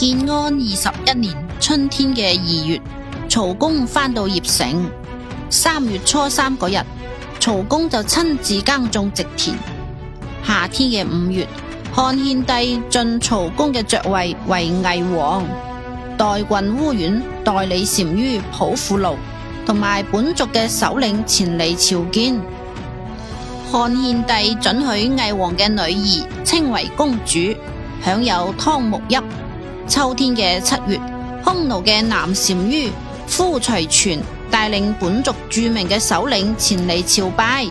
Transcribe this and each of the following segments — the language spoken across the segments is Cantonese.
建安二十一年春天嘅二月，曹公翻到鄴城。三月初三嗰日，曹公就親自耕種植田。夏天嘅五月，漢獻帝進曹公嘅爵位為魏王，代郡烏縣代理禪于普富路同埋本族嘅首領前嚟朝見。漢獻帝准許魏王嘅女兒稱為公主，享有湯沐邑。秋天嘅七月，匈奴嘅南禪于呼廚泉帶領本族著名嘅首領前嚟朝拜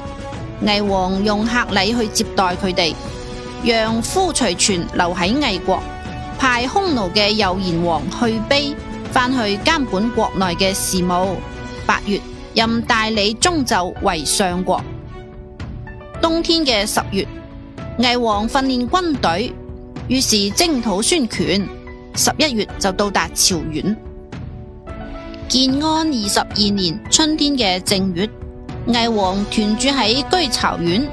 魏王，用客禮去接待佢哋，讓呼廚泉留喺魏國，派匈奴嘅右賢王去卑翻去監管國內嘅事務。八月，任大理鍾繇為相國。冬天嘅十月，魏王訓練軍隊，於是征討孫權。十一月就到達譙縣。建安二十二年春天嘅正月，魏王屯駐喺居巢縣。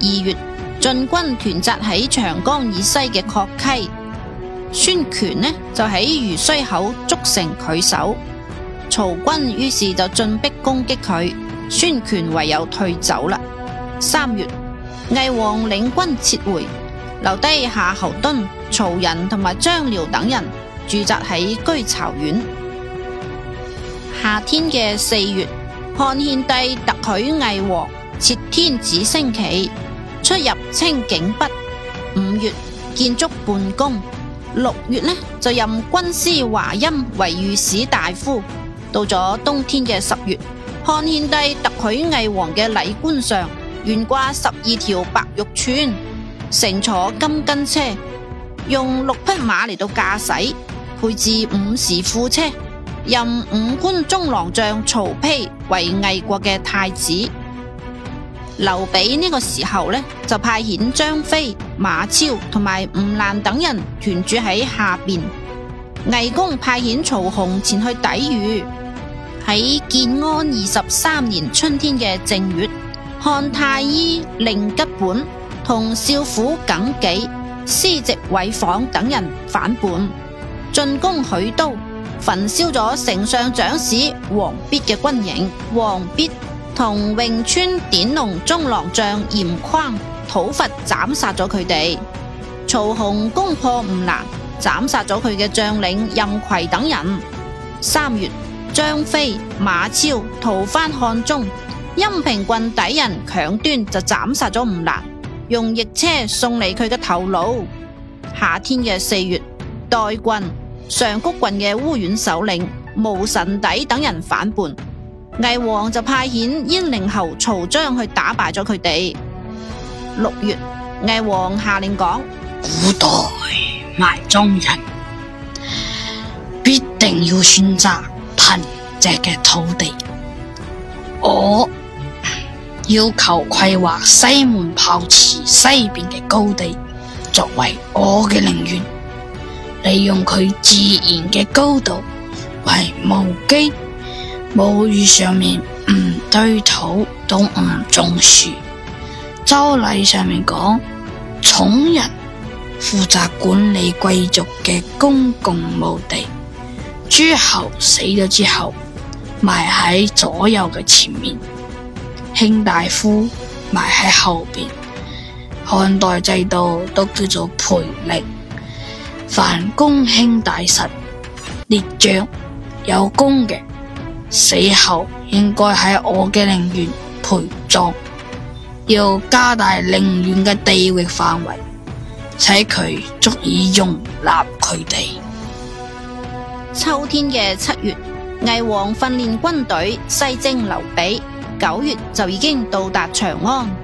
二月，進軍屯紮喺長江以西嘅確溪。孫權呢就喺濡須口築城拒守。曹軍於是就進逼攻擊佢，孫權唯有退走啦。三月，魏王領軍撤回。留低夏侯惇、曹仁同埋張遼等人，駐紮喺居巢縣。夏天嘅四月，漢獻帝特許魏，魏王設天子升旗，出入清景北。五月建築泮宮，六月呢就任軍師華歆為御史大夫。到咗冬天嘅十月，漢獻帝特許魏，魏王嘅禮冠上懸掛十二條白玉串，乘坐金根車，用六匹馬嚟到駕駛，配置五時副車，任五官中郎將曹丕為魏國嘅太子。劉備呢個時候呢就派遣張飛、馬超同埋吳蘭等人屯住喺下邊，魏公派遣曹洪前去抵禦。喺建安二十三年春天嘅正月，漢太醫令吉本。同少府耿紀、司直韋晃等人反叛，進攻許都，焚燒咗丞相長史王必嘅軍營。王必同潁川典農中郎將嚴匡討伐，斬殺咗佢哋。曹洪攻破吳蘭，斬殺咗佢嘅將領任夔等人。三月，張飛、馬超逃翻漢中，陰平郡氐人強端就斬殺咗吳蘭。用役車送嚟佢嘅頭腦。夏天嘅四月，代郡上谷郡嘅烏丸首領無臣氐等人反叛，魏王就派遣鄢陵侯曹彰去打敗咗佢哋。六月，魏王下令講：古代埋葬人必定要選擇貧瘠嘅土地。我。要求規劃西門豹池西邊嘅高地作為我嘅陵園，利用佢自然嘅高度為墓基，墓穴上面唔堆土都唔種樹。周禮上面講，冢人負責管理貴族嘅公共墓地，諸侯死咗之後埋喺左右嘅前面。卿大夫埋喺後邊，漢代制度都叫做陪陵。凡公卿大臣列將有功嘅，死後應該喺我嘅陵園陪葬，要加大陵園嘅地域範圍，使佢足以容納佢哋。秋天嘅七月，魏王訓練軍隊，西征劉備。九月就已經到達長安。